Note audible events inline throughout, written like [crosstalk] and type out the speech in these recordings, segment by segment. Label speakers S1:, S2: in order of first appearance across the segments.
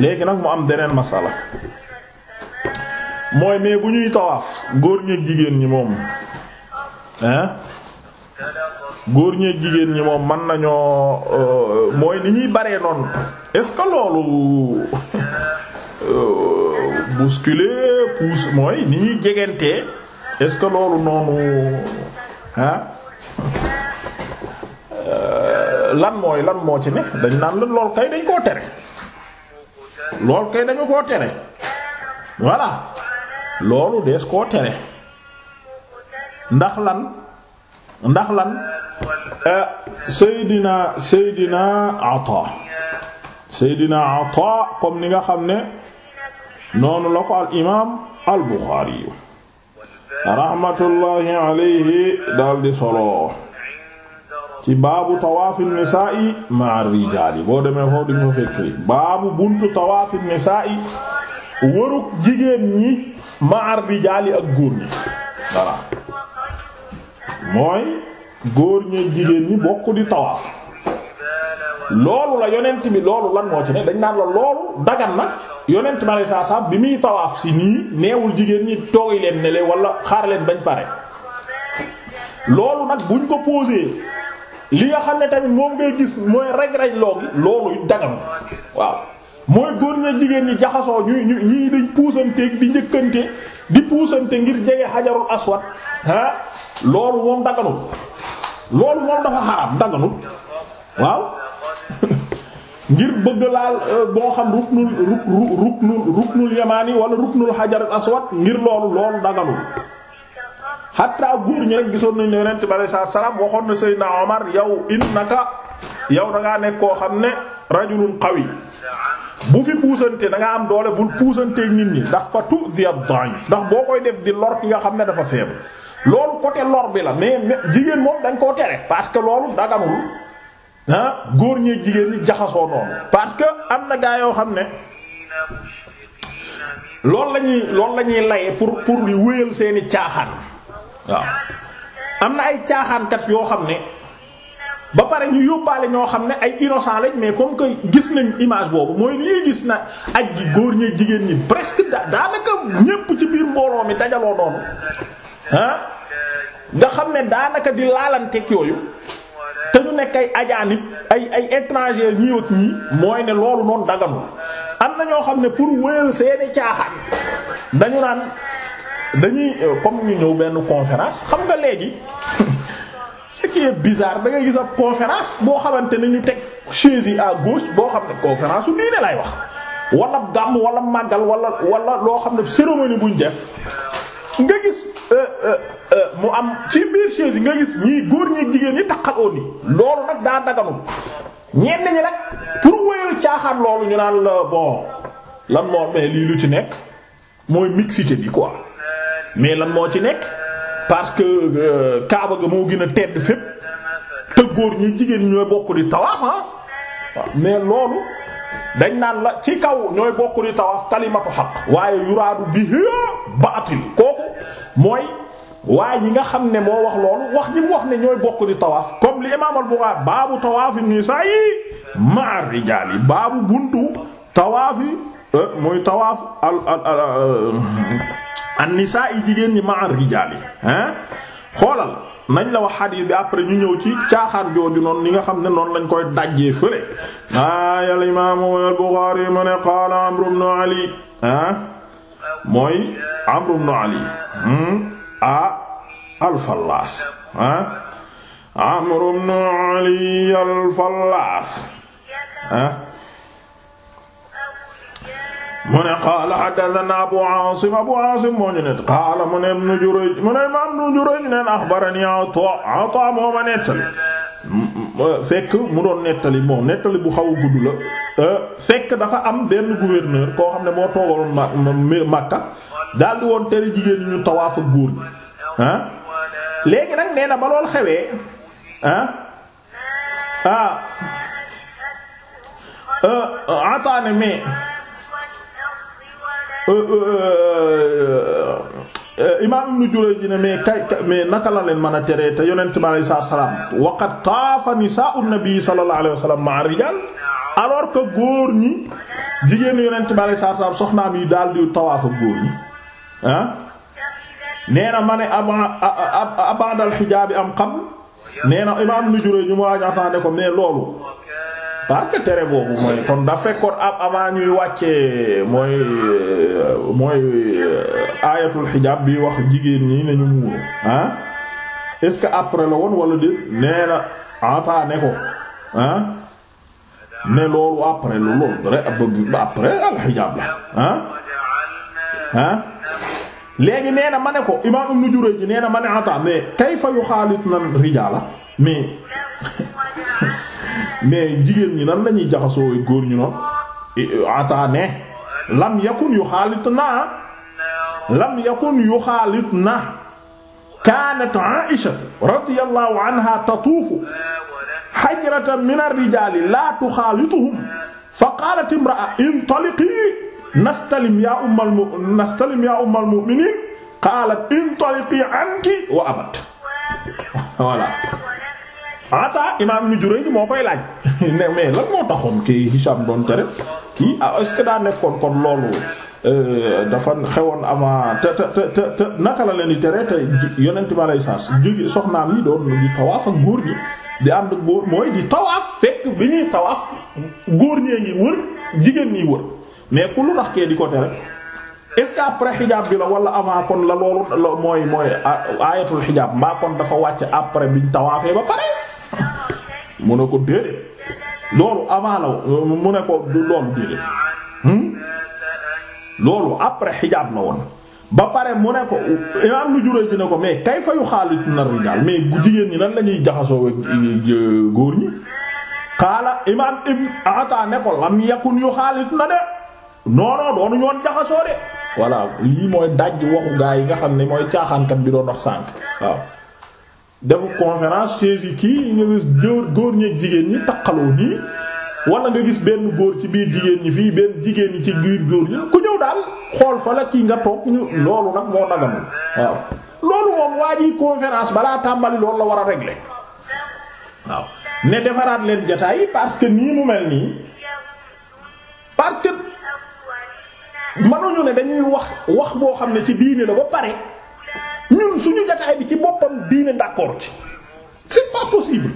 S1: léegi nag mu am deneen masala mooy mais bu ñuy tawaaf góor ñeek jigéen ñi moom hein góor ñeek jigéen ñi moom mën nañoo euh, mooy ni ñuy baree noonu est-ce que loolu euh, bousculer pousse mooy ni ñuy jegantee est-ce que loolu noonu ah lan mooy lan moo ci ne dañ naan la lool kay dañ koo tere loolu kay dañu koo tere voilà loolu dees koo tere ndax lan ndax lan euh, Seydina Seydina Ata Seydina Ata comme ni nga xam ne noonu la ko al imaam al Buxaari rahmatullahi alayhi daal solo ci baabu tawaafil ma ma'a rijaal boo demee foofu di nga fekk baabu buntu tawaafil nisaa'i waruk jigéen ñi ma ma'a rijaal ak góor ñi voilà mooy góor ñi jigéen ñi bokk di tawaaf loolu la yonent bi loolu lan moo ne dañ naan la loolu dagan na yonent ma saa saa bi muy tawaaf si nii neewul jigéen ñi toogi leen ne le wala xaar bañ pare loolu nag buñ ko posé. li nga xam ne tamit moom ngay gis mooy raj-raj loogi loolu it waaw mooy góor ña jigéen ñi jaxasoo ñuy ñii dañ puusanteeg di njëkkante di puusante ngir jege xajarul aswad ah loolu moom daganul loolu moom dafa xaraam daganul waaw [laughs] ngir bëgg laal euh, boo xam ruknul ruknul ruknul yamaani wala ruknul xajarul aswad ngir loolu loolu daganul xatta góor ñi rek gisoon nañ ne yonent bi alayhi salaatu na waxoon na Seydina Omar yow innaka yow da ngaa nekk koo xam ne rajulun qawi bu fi puusante da nga am doole bul puusanteeg nit ñi ndax fa tu'zi ad-da'if ndax boo koy def di lor ki nga xam ne dafa faible. loolu côté lor bi la mais jigéen moom dañ koo tere parce que loolu daganul ah góor ñeeg jigéen di jaxasoo noonu parce que am na gaa yoo xam ne. loolu la ñuy loolu la laye pour pour di wéyal seeni caaxaan. waaw am na ay caaxaankat yoo xam ne ba pare ñu yóbbaale ñoo xam ne ay innocent lañ mais comme que gis nañ image boobu mooy lii gis na aj gi góor ñi jigéen ñi presque daanaka ñépp ci biir mbooloo mi dajaloo noonu ah nga xam ne daanaka di laalanteeg yooyu te ñu nekk ay ajaanib ay ay étranger ñii ak ñii mooy ne loolu noonu daganul am na ñoo xam ne pour wëyal seeni caaxaan dañu naan dañuy euh, comme ñu ñëw benn conférence xam nga léegi [laughs] ce qui est bizarre da ngay gis ab conférence boo xamante ne ñu teg chaise yi à gauche boo xam ne conférence su diine lay wax wala gàmm wala màggal wala wala loo xam ne cérémonie buñ def nga gis euh, euh, mu am ci biir chaise yi nga gis ñii góor ñi jigéen ñi taxaloon ni loolu nag daa daganul ñenn ñi nag pour wéyal caaxaan loolu ñu naan la bon lan moo mais lii lu ci nekk mooy mixité bi quoi. mais lan moo ci nekk parce que euh, Kaaba ga moo gën a tedd fépp te góor ñi jigéen ñooy bokk di tawaaf ah mais loolu dañ naan la ci kaw ñooy bokk di tawaaf kalimatu xaq waaye yuraadu bihi baatil kooku mooy waaye ñi nga xam ne moo wax loolu wax ñi mu wax ne ñooy bokk di tawaaf comme li imaam al-Bukhari baabu tawaafi nisaa yi ma'a rijaal yi baabu buntu tawaafi euh, muy tawaaf al al al euh, an yi jigéen ñi ma'a rijaal yi xoolal nañ la wax xadiis bi après ñu ñëw ci caaxaan jooju noonu ni nga xam ne noonu lañ koy dajjee fële aay al imaamu al-Buxaari mu Amru ibnu Ali mooy Amru ibnu Ali hmm? a al Amru ibnu Ali al mu ne qaala haddathana Abu Aasim Abu Aasim moo ñu net qaala mu ne Ibnu mu ne imaam Ibnu Jurayj neen axbarani Ataa Ataa moo ma nettali fekk mu doon nettali moom nettali bu xaw a gudd la euh, fekk dafa am benn gouverneur koo xam ne moo toogaloon ma Makka daal di woon tere jigéen ñu tawaaf ak góor léegi nag nee na ba lool xewee ah euh, ataane mais imaam Ibn Jurayj ne kay mais naka la leen mën a teree te yonent bi alayhi salaam waqad taafa nisaa'u nabi sallallahu alayhi wa rijaal alors que góor ñi jigéenu yonent bi alayhi salaam soxnaam yi daal di tawaaf ak góor ñi ah. nee na ma ne abadal xijaabi am xam nee imaam Ibn Jurayj ñu mu ko mais loolu. parce que tere boobu mooy kon da fekkoon ab avant ñuy wàccee mooy mooy aayatul euh, xijaab bi wax jigéen ñi nañu muuru ah est-ce que après la woon wala déet nee na ata ne ko ah ne loolu après lu loolu après alxijaab la ah ah léegi nee na ma ne ko imaam Ibnu Jurayj nee na ma ne ata mais kayfa yuxaalitna rijaala mais mais jigéen ñi nan lañuy jaxasoo góor ñu noonu euh, ataane lam yakun yu xaalit lam yakun yu xaalit na kaanat Aïsha radiyallahu anha tatuufu hajratan min ar-rijaali laa tuxaalituhum fa qaalat imra'a intaliqii nastalim yaa qaalat intaliqii anki wa abat [laughs] voilà ata imaam Ibn Jurayj moo koy laaj [laughs] ne mais lan moo taxoon kii Hisham doon tere kii ah, est-ce que daa nekkoon kon loolu euh, dafa xewoon avant te te te naka la leen di tere te yonent ma lay saas jóge soxnaam yi doon di tawaaf ak góor ñi di ànd góor mooy di tawaaf fekk bi ñuy tawaaf góor ñee ngi wër jigéen ñi wër mais ku lu tax kee di ko tere est-ce que après xijaab bi la wala avant kon la loolu mooy mooy aayatul xijaab mbaa kon dafa wàcc après biñ tawaafee ba pare. mu ne ko déedéet loolu avant la mu ne ko loolu déedéet hmm? loolu après xijaab la woon ba pare mu ne ko imaam lu juree dina ko mais kay fayu xaalit na rijaal mais jigéen ñi nan lañuy jaxasoo góor ñi xaala imaam ibn Ata ne ko lam yakun yu xaalit na de non non doonu jaxasoo de voilà lii mooy daj waxu gaa yi nga xam ne mooy caaxaankat bi doon wax sànk waaw defu conférence chaise yi kii nga gis góor góor ñeeg jigéen ñi taqaloo nii wala nga gis benn góor ci biir jigéen ñi fii benn jigéen ñi ci biir góor ñi ku ñëw daal xool fa la kii nga toog ñu loolu nag moo daganul waaw loolu moom waa ji conférence balaa tàmbali loolu la war a régler waaw ne defaraat leen jotaay parce que nii mu mel nii parce que mënuñu ne dañuy wax wax boo xam ne ci diine la ba pare. ñun suñu jataay bi ci boppam diine d'accord ci c'est pas possible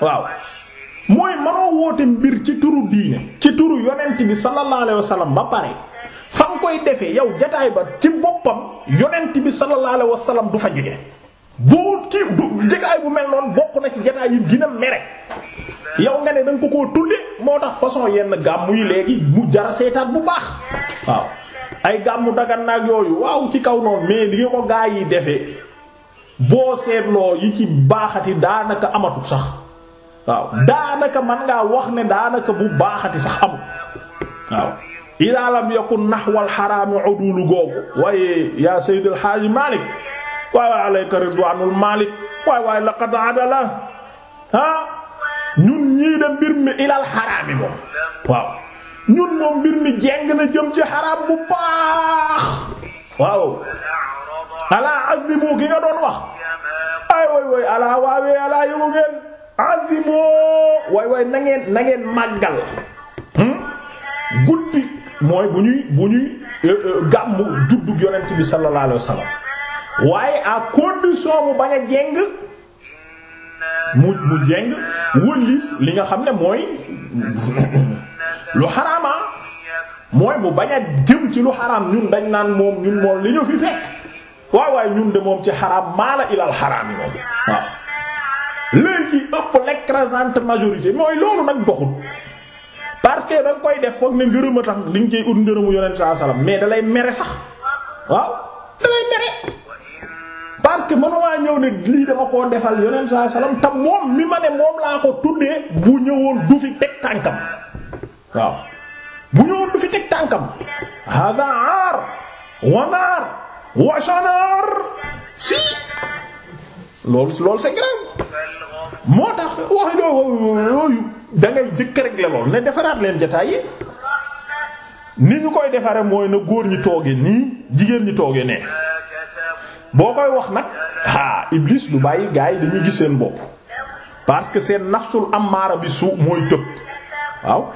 S1: waaw mooy manoo woote mbir ci turu diine ci turu yonent bi sallallahu alayhi wasallam ba pare fa koy defee yow jataay ba ci boppam yonent bi sallallahu alayhi wasallam du fa jóge boo kii du jataay bu mel noonu bokk na ci jataay yi gën a yow nga ne da nga ko koo tudde moo tax façon yenn gàmm yi léegi mu jara seetaat bu baax waaw ay gàmmu daga naag yooyu waaw ci kaw noonu mais li nga ko gaa yi defee boo seetloo yi ci baaxati daanaka amatul sax waaw daanaka man ngaa wax ne daanaka bu baaxati sax amul waaw idaa lam yakun naxwal xaraami udulu googu waaye yaa sayyidul xaaji xaraami moom waaw ñun moom mbir mi jeng na jëm ci xaraam bu baax waaw alaa azimu gi nga doon wax ay way way alaa waawee alaa yëgu ngeen azimu way way na ngeen màggal hmm? guddi mooy bu ñuy bu ñuy euh, euh, gàmmu juddug yonent bi sallallahu alayhi waaye à condition mu bañ a jeng mu jeng wëllif li nga xam ne mooy lu xaraama ah. mooy mu bañ a jëm ci lu xaraam ñun dañ naan moom ñun moom li ñu fi fekk waaw ñun de moom ci xaraam la ilal xaraam yi moom waaw léegi ëpp l'écrasante majorité mooy loolu nag doxul parce que danga koy def foog ne ngërëm a tax li nga koy ut ngërëmu yonent saa salaam mais dalay mere sax waaw dalay mere parce que mënumaa ñëw ne lii dama koo defal yonent saa salaam te moom mi ma ne moom laa ko tuddee bu ñëwoon du fi teg tànkam waaw bu ñëwoon du fi teg tànkam hada aar wanaar washanaar si loolu loolu c'est grave moo tax wax yooyu da ngay jëkk rek la lool ne defaraat leen jataay yi ni ñu koy defare mooy na góor ñi tooge nii jigéen ñi tooge ne boo koy wax nag ah Iblis lu bàyyi gars yi dañuy gis seen bopp parce que seen nafsul ammaara bi su mooy tëb waaw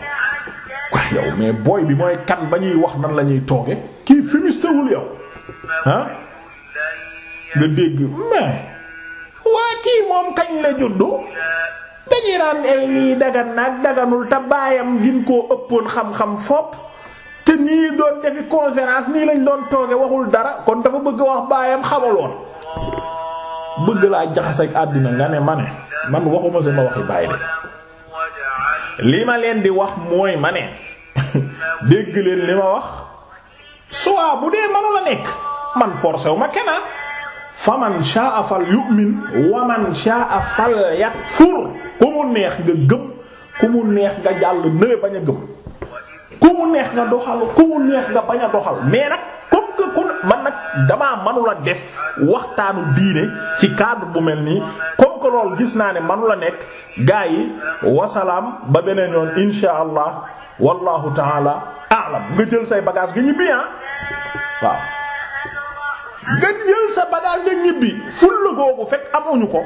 S1: waaye yow mais booy bi mooy kan ba ñuy wax nan lañuy tooge kii fumistewul yow ah nga dégg mais waa kii kañ la juddu dañuy naan ay eh, lii dagan naag daganul te baayam gin koo ëppoon xam-xam fopp te nii doon defi conférence nii lañ doon tooge waxul dara kon dafa bëgg wax baayam xamaloon bëgg laa jaxase ak àddina nga ne ma ne man waxuma sama waxi baay de li ma leen di wax mooy ma ne [laughs] dégg leen li ma wax soit bu dee manu la nekk man forcé ma kenaa fa man sha'a fal yu'min wa man sha'a fal yakfur ku mu neex nga gëm ku mu neex nga jàll nële bañ a gëm ku mu neex nga doxal ku mu neex nga bañ a doxal mais nag comme que ku nag damaa manula def waxtaanu diine ci cadre bu mel nii que gis naa ne manu la nekk gaa yi ba beneen yoon insha nga jël say bagage nga ñibbi ah waaw nga sa bagage nga ñibbi fulla googu fekk amuñu ko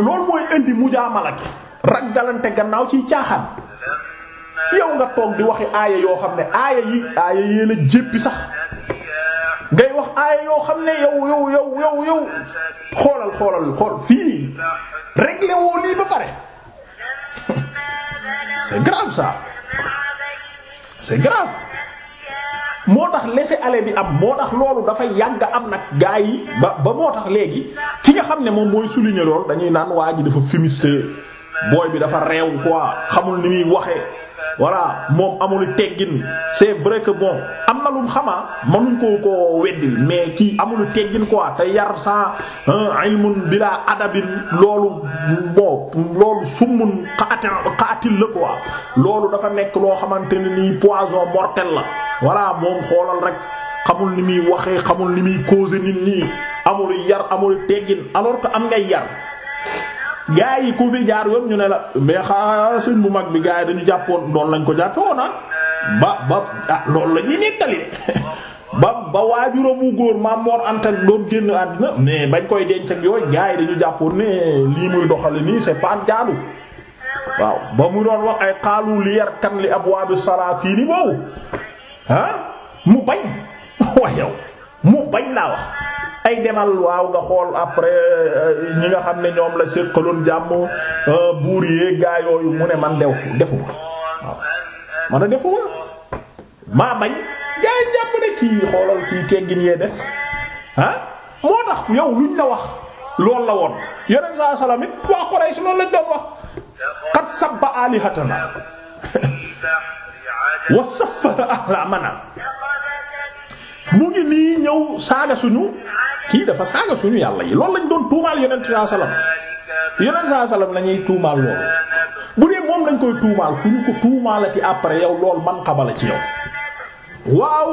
S1: loolu mooy indi mujaamala gi raggalante gannaaw ciy caaxaan yow nga toog di waxi aaya yoo xam ne aaya yi aaya yee la jéppi sax ngay wax aaya yoo xam ne yow yow yow yow yow xoolal xoolal xool fii réglé woo lii ba pare sa [laughs] grave ça c'est grave moo tax laisser-aller bi am moo tax loolu dafa yàgg am nag gaa yi ba ba moo tax léegi ki nga xam ne moom mooy souligner loolu dañuy naan waa ji dafa fumiste booy bi dafa réew quoi xamul ni muy waxee. voilà moom amul teggin c'est vrai que bon am na lum xamaa mënuñ ko koo weddil mais kii amul teggin quoi te yar sans ilmun bila adabin loolu bon loolu summun xaatil la quoi loolu dafa nekk loo xamante ne nii poison mortel la voilà moom xoolal rek xamul ni muy waxee xamul ni muy causer nit ñi amul yar amul teggin alors que am ngay yar. gaa yi ku fi jaar yoon ñu ne la mais xaaral sëñ bu mag bi gaa yi dañu jàppoon noonu lañ ko jàppe woon ah. ba ba ah loolu la ñuy nettali [laughs] ba ba waajuramu góor maam Mor Anta doon génn àddina mais bañ koy denc ak yooyu gaa yi dañu jàppoon ne lii muy doxale nii c'est pas jaalu waaw ba mu doon wax ay xaalu li yar kan li ab waabi salaatiini boobu ah mu bañ [laughs] waaye yow mu bañ laa wax. ay demal waaw nga xool après euh, ñi nga xam ne ñoom la séqaloon jàmm euh, buur yee gaa yooyu mu ne man dew defu ko waaw man a defu maa bañ jaay jàpp ne kii xoolal kii teggin yee des ah moo tax yow luñ la wax loolu la woon yeneen saa salaam it waa Quraysh loolu lañ doon wax qad sabba alihatana [laughs] wa saffara ahlamana mu ngi nii ñëw saaga suñu kii dafa saaga suñu yàlla yi loolu lañ doon tuumaal yonent saa salaam yonent saa salaam la ñuy tuumaal loolu bu dee moom lañ koy tuumaal ku ñu ko tuumaalati après yow lool man xabala ci yow. waaw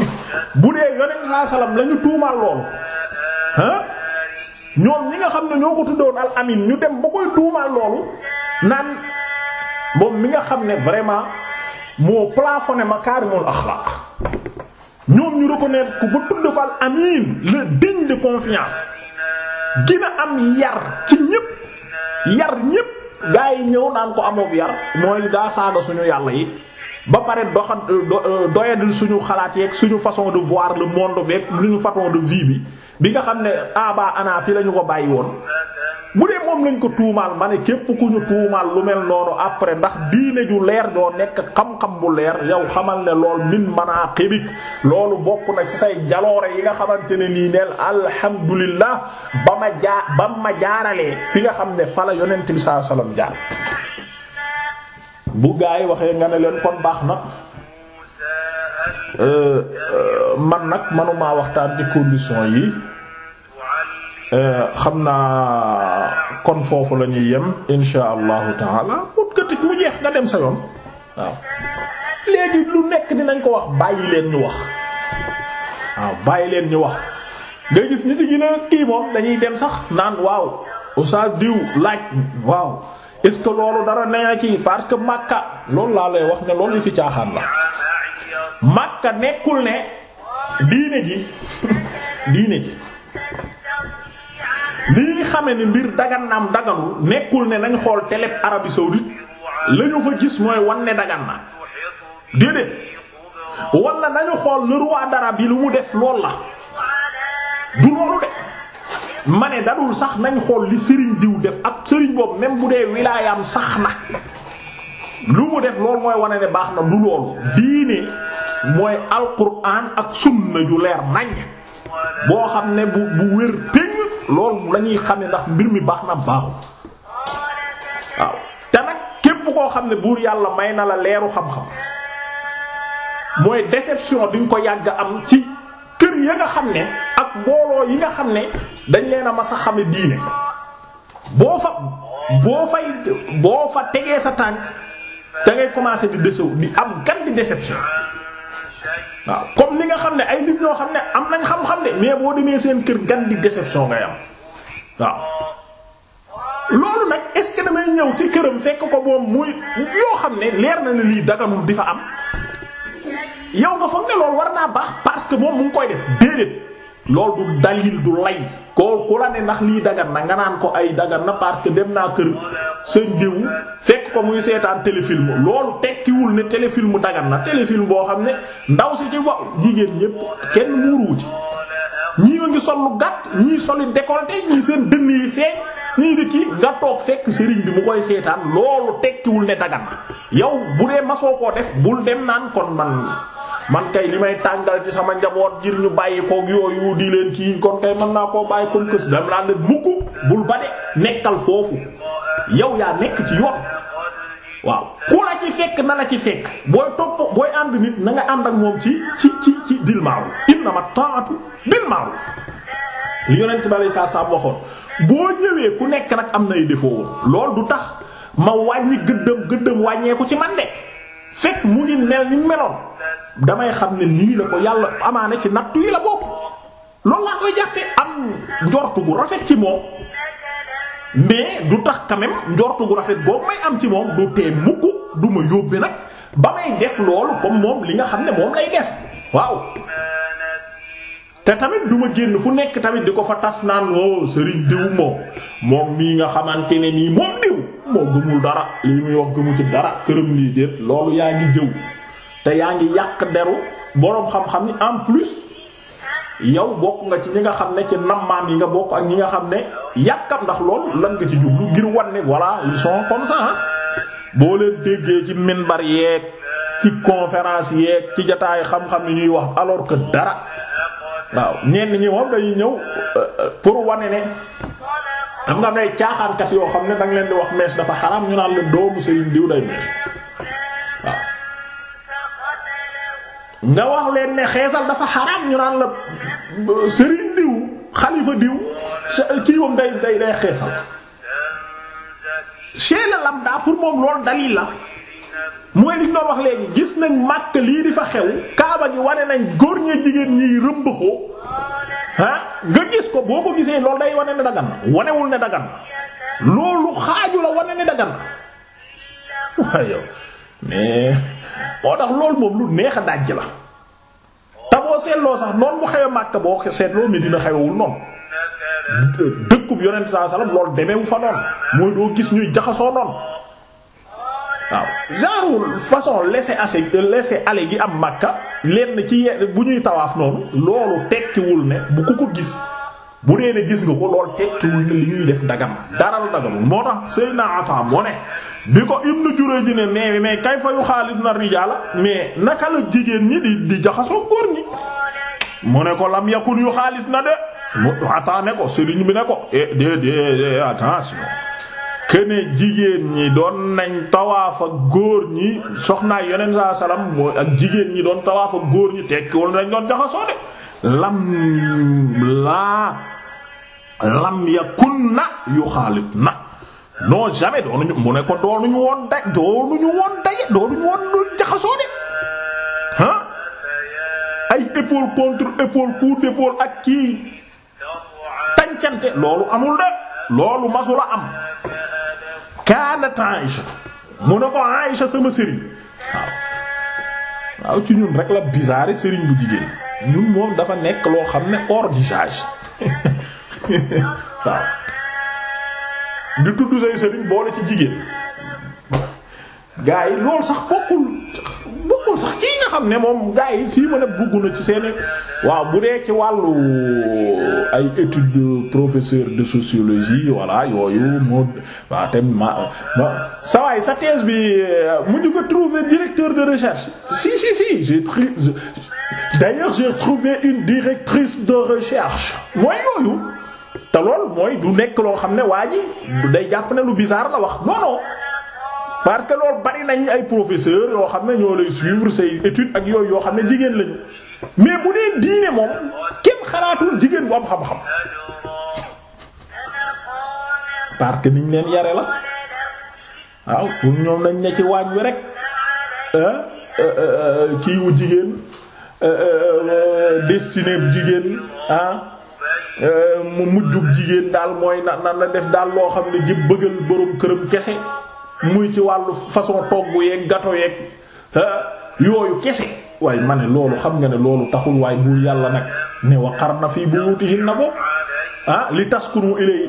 S1: [laughs] bu dee yonent saa salaam la ñu tuumaal loolu ah ñoom ñi nga xam ne ñoo ko tuddoon al amin ñu dem ba koy tuumaal loolu naan moom mi nga xam ne vraiment moo plafonné ma kaarimul axlaaq ñoom ñu reconnaître ko ba tudd ko al amin le digne de confiance gina am yar ci ñépp yar ñépp gaa ñëw naan ko amoob yar mooy daa saaga suñu yàlla yi ba pare doxa euh, euh, doyadil suñu xalaat yeeg suñu façon de voir le monde beeg suñu façon de vie bi bi nga xam ne aba ah, ana fi lañu ko bàyyi woon moom ko tuumaal mane ne képp ku ñu tuumaal lu mel noonu après ndax diine ju leer doo nekk xam-xam bu leer yow xamal ne lool min manaqibik loolu bokk na ci say jaloore yi nga xamante ne nii neel alhamdulillah ba ma jaaralee fi nga xam ne fala yonent bi sallallahu alayhi jaar bu gaa yi waxee nga ne leen kon baax na euh, euh, man nag manumaa waxtaan ci condition yi euh, xam naa kon foofu la ñuy yem insha allahu taala ut ka mu jeex nga dem sa yoon waaw léegi lu nekk dinañ ko wax bàyyi leen ñu wax waaw bàyyi leen ñu wax ngay gis ñi ci gën kii moom dañuy dem sax naan waaw oustaz diw laaj waaw est ce que loolu dara nee ci parce que Makka loolu laa lay wax ne loolu fi caaxaan la màkka nekkul ne diine ji [laughs] diine ji li ñuy xamee ni mbir dagan naam daganul nekkul ne nañ xool teleb Arabie saoudite la ñu fa gis mooy wan ne dagan na déedéet wala nañu xool le roi dara bi lu mu def lool la du loolu de ma ne dadul sax nañ xool li sëriñ diw def ak sëriñ boobu même bu dee wilaayam sax na lu mu def loolu mooy wane ne baax na du loolu diine mooy alquran ak sunna ju leer nañ boo xam ne bu wér loolu lañuy xam ne ndax mbir mi baax na baaxul waaw te nag képp koo xam ne buur yàlla may na la leeru xam-xam mooy déception di nga ko yàgg am ci kër ya nga xam ne ak mbooloo yi nga xam ne dañ leen a mas a xam ne diine boo fa boo fay boo fa tegee sa tànk da ngay commencer di décew di am gan di déception waaw comme ni nga xam ne ay nit ñoo xam ne am nañ xam-xam ne mais boo demee seen kër gan di déception ngay am waaw loolu nag est-ce que damay ñëw ci këram fekk ko moom muy yoo xam ne leer na ne lii daganul di fa am yow nga foog ne loolu war naa baax parce que moom mu ngi koy def déedéet loolu du dalil du lay koo la ne ndax lii dagan na nga naan ko ay dagan na parce que dem naa kër seen diw fekk ko muy seetaan téléfilm loolu tekkiwul ne téléfilm dagan na téléfilm boo xam ne ndaw si ci wa jigéen ñépp kenn muuruwu ci ñii ngi sol lu gàtt ñii soli décolleté ñii seen dënn yi feeñ ñii di kii nga toog fekk sëriñ bi mu koy seetaan loolu tekkiwul ne dagan na yow bu dee masoo koo def bul dem naan kon man man kay li may tàngal ci sama njaboot ngir ñu bàyyi koog yooyu di leen kii kon kay mën naa koo bàyyi comme que si dama mukk bul ba de nekkal foofu yow yaa nekk ci yoon waaw ku la ci fekk na la ci fekk booy topp booy ànd nit na ànd ak moom ci ci ci ci bil ma'ruf innama ta'atu bil ma'ruf li yonent bi alay saa waxoon boo ñëwee ku nekk nag am nay défaut lool du tax ma wàññi gëddëm gëddëm wàññeeku ci man de fekk mu ngi mel ni meloon damay xam ne nii la ko yàlla amaane ci nattu yi la bopp loolu laa koy jàppe am njortu gu rafet ci moom mais du tax quand même njortu gu rafet boobu may am ci moom du tee mukk duma ma yóbbe nag ba may def loolu comme moom li nga xam ne moom lay def waaw te tamit du génn fu nekk tamit di ko fa tas naan o oh, sëriñ diw moom moom mii nga xamante ne nii moom diw moo gëmul dara lii muy wax gëmu ci dara këram lii déet loolu yaa ngi jëw te yaa ngi yàq deru boroom xam-xam ni en plus yow bokk nga ci ñi nga xam ne ci nammaam yi nga bokk ak ñi nga xam ne yàkkam ndax lool lan nga ci jublu ngir wan ne voilà ils sont comme boo leen déggee ci minbar yeeg ci conférence yeeg ci jataay xam-xam ni ñuy wax alors que dara waaw ñenn ñi moom dañuy ñëw euh, euh, pour wane ne dam nga am nay caaxaankat yoo xam ne danga leen di wax mees dafa xaram ñu naan la doomu Serigne diw day mees waaw nga wax leen ne xeesal dafa xaram ñu naan la euh, Serigne diw xalifa diw kii moom day day day xeesal. chez le lambda pour moom loolu dalil la. mooy liñ doon wax léegi gis nañ màkk lii di fa xew kaaba gi wane nañ góor ñee jigéen ñiy rëmbaxoo ah nga gis ko boo ko gisee loolu day wane ne dagan na wanewul na loolu xaaju la wane ne dagan na waaye moo tax loolu moom lu neex a dajj la te boo seetloo sax noonu bu xewee màkk boo seetloo mi dina xewewul noonu dëkkub yonent sallallahu alayhi wasallam loolu demewu fa noonu mooy doo gis ñuy jaxasoo noonu waaw genre façon laisser assez laisser aller gi am Makka na ci bu ñuy tawaaf noonu loolu tekkiwul ne bu ku ko gis bu dee ne gis nga ko lool tekkiwul ne li ñuy def dagam dara la dagamul moo tax Seydina Ata moo ne bi ko Ibnu Jurayj ne mais mais kayfa yuxaaliduna rijaala mais naka la jigéen ñi di di jaxasoo góor ñi mu ne ko lam yakun na de mu Ata ne ko Serigne bi ne ko eh de de de attention kene jigéen ñi doon nañ tawaaf ak góor ñi soxnaay yonent saa salaam mooy ak jigéen ñi doon tawaaf ak góor ñi tekkiwul dañ doon jaxasoo de lam laa lam yakunna yuxaalitna non jamais doonuñu mu ne ko doonuñu woon daj doonuñu woon daje doonuñu woon jaxasoo de ah ay épaule contre épaule coup d'épaule ak kii tancante loolu amul de loolu masula am kaanat Aïsha mu ne ko Aïsha sama sëriñ waaw waaw ci ñun rek la bizarre sëriñ bu jigéen ñun moom dafa nekk loo xam ne hors [laughs] waaw di tudd say sëriñ boole ci jigéen gaa yi loolu sax bokkul bokkul sax kii nga xam ne moom gars yi fii ma ne bugg na ci seen waaw bu dee ci wàllu ay études de professeur de sociologie voilà yooyu moo waaw te ma sa sa thèse bi mu ñu ko trouver directeur de recherche si si si j'ai d'ailleurs j'ai trouvé une directrice de recherche mooy yooyu te lool mooy du nekk loo xam ne waa ji day jàpp ne lu bizarre la wax non parce que loolu bari nañ ay professeur yoo xam ne ñoo lay suivre say études ak yooyu yoo xam ne jigéen lañu mais bu dee diine moom kenn xalaatul jigéen bu am xam-xam parce que niñ leen yare la waaw pour ñoom nañ ne ci waañ wi rek kii jigéen destiné bu jigéen ah mu mujjug jigéen daal mooy na na def daal loo xam ne gi bëggal borom këram kese muy ci wàllu façon togg yeeg gato yeeg yooyu kese waaye ma ne loolu xam nga ne loolu taxul waaye buur yàlla nag ne wa na fii buyutihinna ko ah li taskunu ilay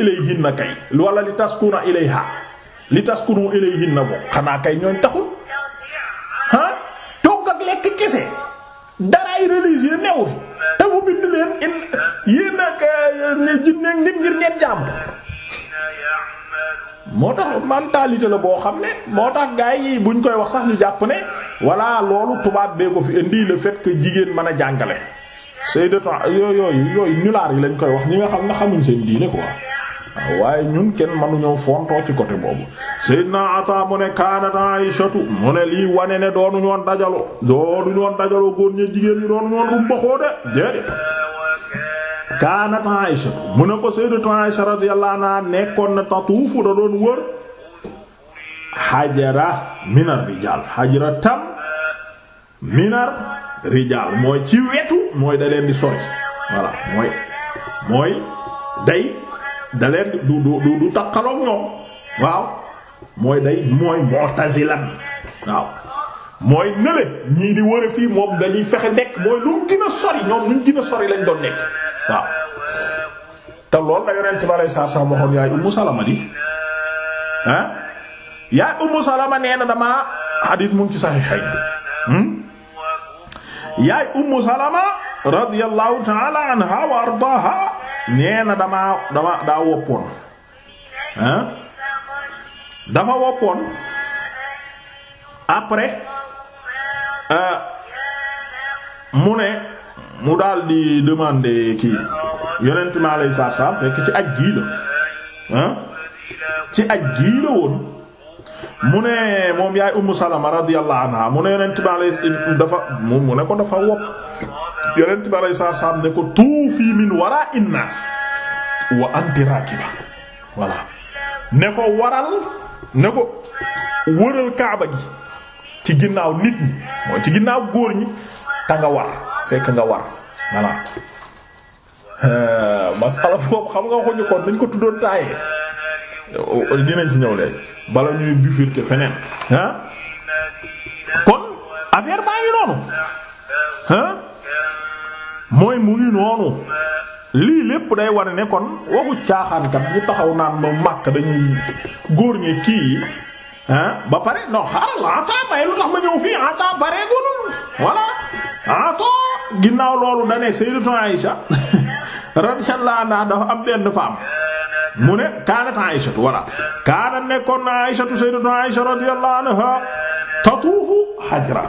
S1: ilayhinna kay wala li taskuna ilayha li taskunu ilayhinna ko xanaa kay ñooñ taxul ah togg ak lekk kese daraay religieux newu te mu bind leen in yéen ak eh, ne nit ngir ngeen jàmm moo tax mentalité la boo xam ne moo tax gaa yi buñ koy wax sax ñu jàpp ne walla loolu tubaab bee ko fi indi la fait jigéen mën a jàngale. Sayyidatu yooyu yooyu ñulaar yi lañ koy wax ñi nga xam ne xamuñ seen diine quoi waaw ah, waaye ñun kenn mënuñoo fontoo ci côté boobu. Sayyidna Ata mu ne kaanat Aysatu mu ne lii wane ne doonu ñoon dajaloo doonu ñoon dajaloo góor ñi jigéen ñi doonu ñoon rumbaxoo de déedéet. kaanat Aïsha mu ne ko sayyidatu Aïsha radiyallahu anha nekkoon na tatuufu da doon wër xajara minar rijaal xajara tam minar rijaal mooy ci wetu mooy da leen di sori voilà mooy mooy day da leen du du du takkaloog ñoom waaw mooy day mooy mu'tazilan waaw mooy nële ñii di wër fii moom dañuy fexe nekk mooy lu gën a sori ñoom ñu gën a sori lañ doon nekk waaw te loolu la yonent bi alayhi salaatu salaam waxoon yaay Ummu Salama di ah yaay Ummu Salama nee na damaa xadiis mu ngi ci saxiixay hmm? yaay Ummu Salama radiyallahu ta'ala anha wa ardaaha nee na damaa dama daa woppoon ah dafa woppoon après euh, mu ne mu daal di demander kii yonent mi alayhi fekk ci aj gii la ah ci aj gii la woon mu ne moom yaay Ummu Salama radiyallahu anha mu ne yonent mi alayhi ne ko dafa wopp yonent bi alayhi ko tuufi min waraa'i naas wa anti raakiba voilà ne ko waral ne ko wëral kaaba gi ci ginnaaw nit ñi mooy ci ginnaaw góor ñi ta fekk nga war voilà euh, masala boobu xam nga waxuñu ko dañ ko tuddoon taayee euh, dinañ ci ñëw leen bala ñuy bifurquer feneen ah kon affaire baa noonu ah mooy mu ngi noonu lii lépp day war ne kon waxu caaxaankat ñu taxaw naan ma màkk dañuy góor ñi kii ah ba pare non xaaral ata may lu tax ma ñëw fii ata pareegul voilà ata ginnaaw loolu da ne sayyidatu Aïsha radiyallahu am benn femme mu ne kaanat Aïshatu walla kaanat nekkoon na Aïshatu sayyidatu Aïsha radiyallahu anha tatuufu xajra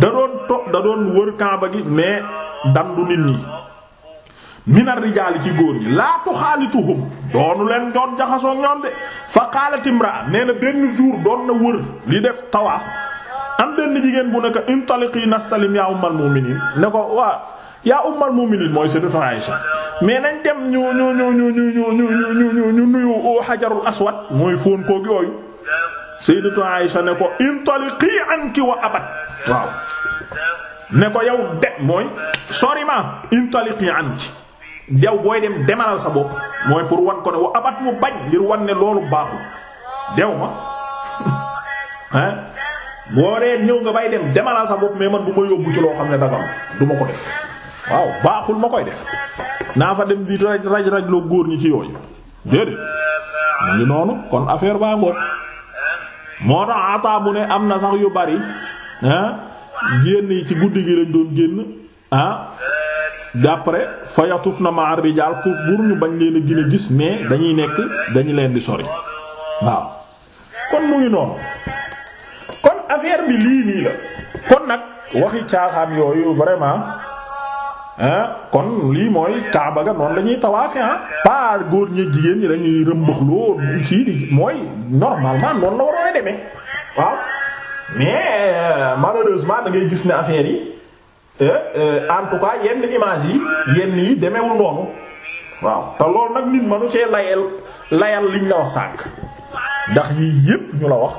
S1: da doon to da doon wër Kaaba gi mais dandu nit ñi minar rijaali ci góor ñi laa tuxaalituhum doonu leen doon jaxasoo ñoom de fa qaalat imraa nee na benn jour doon na wër li def tawaaf am benn jigéen bu nekk intaliqi nastalim yaa ummal mu'minin ne ko waa yaa ummal mu'minin mooy sayyidatu Aïsha mais nañ dem ñu ñu ñu ñu ñu ñu ñu ñu nuyu xajarul aswad mooy fóon koog yooyu sayyidatu Aïsha ne ko intaliqi anki wa abad waaw ne ko yow de mooy sori ma intaliqi anki yow booy dem demalal sa bopp mooy pour wan ko ne wa abat mu bañ ngir wan ne loolu baaxul dew ma hein boo dee ñëw nga bay dem demalal sa bopp mais man du ma yóbbu ci loo xam ne dagan du ma ko def waaw baaxul ma koy def naa fa dem di raj raj loo góor ñi ci yooyu déedéet mu ngi noonu kon affaire baa ngoog moo tax ataa bu ne am na sax yu bari génn yi ci guddi gi lañ doon génn ah d'après fayatuf na ma rijaal pour pour ñu bañ leen a a gis mais dañuy nekk dañu leen di sori waaw kon mu ngi noonu affaire bi lii nii la kon nag waxi caaxaan yooyu vraiment ah kon lii mooy Kaaba ga noonu la ñuy tawaafi par góor ñi jigéen ñi dañuy rëmbax loo mooy normalement noonu la euh, ngay gis ne affaire yi euh, euh, en tout yenn yi yenn yi demewul noonu waaw te loolu nag nit manu cee layal layal liñ la wax sànq ndax yii yépp ñu la wax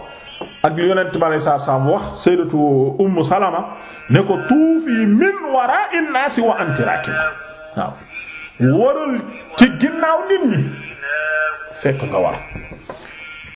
S1: ak li yonent bi alayhi salaam wax sayyidatu ummu salama ne ko tuufi min wara'in naasi wa anti raakiba waaw waral ci ginnaaw nit ñi fekk nga